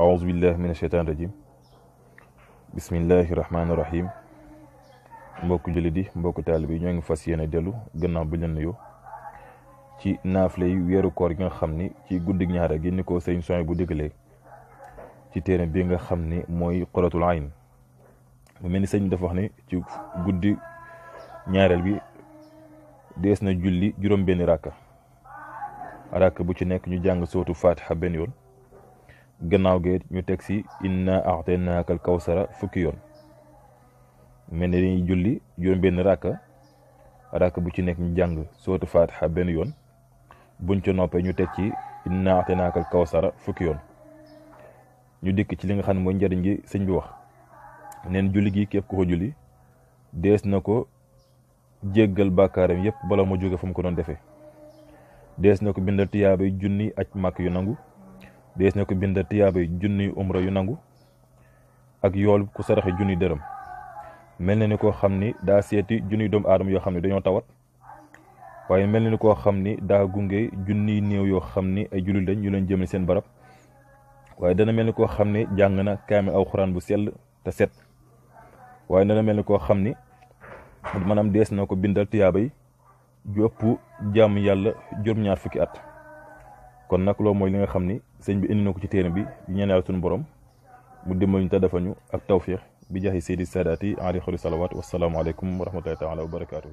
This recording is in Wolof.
أعوذ بالله من الشيطان الرجيم بسم الله الرحمن الرحيم mbokk jullit yi mbokk taalibe yi ñoo ngi fas yéene dellu gannaaw bi leen nuyoo ci naafile yi weeru koor gi nga xam ni ci guddi ñaara gi ni ko sëriñ soñ bu diggalee ci téere bi nga xam ni mooy quratul ayn mu mel ni sëñ dafa wax ne ci guddi ñaareel bi dees na julli juróom benn ràkka ràkk bu ci nekk ñu jàng sootu fatiha benn yoon gannaaw gi ñu teg si inna naakal kaw kawsara fukki yoon mel ne dañuy julli juróom benn ràkka ràkka bu ci nekk ñu jàng sootu fatiha benn yoon buñ ca noppee ñu teg ci inna a'taynaaka al kawsara fukki yoon ñu dikk ci li nga xam ne mooy njëriñ gi bi wax neen julli gi képp ku ko julli dees na ko jéggal bàkkaaram yépp bala mu jóge fu ko doon defee dees na ko bindal tuyaabay junni ak màkk yu nangu dees na ko bind tiyaabay junniy umra yu nangu ak yool ku saraxe junni dërëm mel na ni ko xam ni daa seeti junniy doomu aadama yoo xam ne dañoo tawat waaye mel na ni koo xam ni daa gunge junniy néew yoo xam ni ay jullit lañ yu leen jëmale seen barab waaye dana mel ni ko xam ne jàng na kaami aw xuraan bu sell te set waaye dana mel ni koo xam ni maanaam dees na ko bindal tiyaabay ju ëpp jàmm yàlla juróom-ñaar fukki at kon nak lo moy li nga xamni ni sëñ bi indi nako ci téere bi ñaan yàlla suñu borom mu dimbal ñu ta dafa ñu ak tawfiq bi jaxi seydi saadaati ali xoli salawaat alaykum wa rahmatullahi taala wa barakatuh